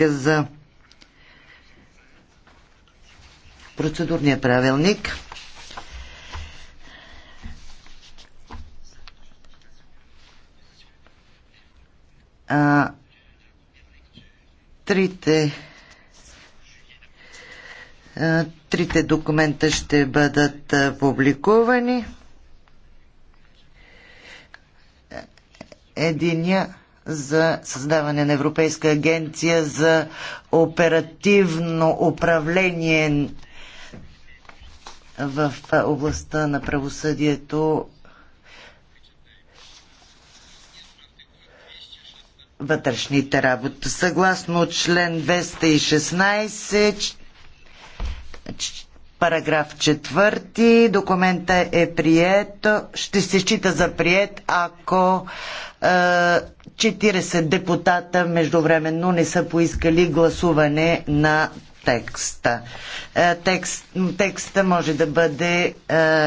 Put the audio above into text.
за процедурния правилник. А, трите а, трите документа ще бъдат а, публикувани. Единия за създаване на Европейска агенция за оперативно управление в областта на правосъдието вътрешните работи. Съгласно член 216, параграф 4, документа е прият, ще се счита за прият, ако 40 е, депутата междувременно не са поискали гласуване на текста. Е, текст, текста може да бъде е,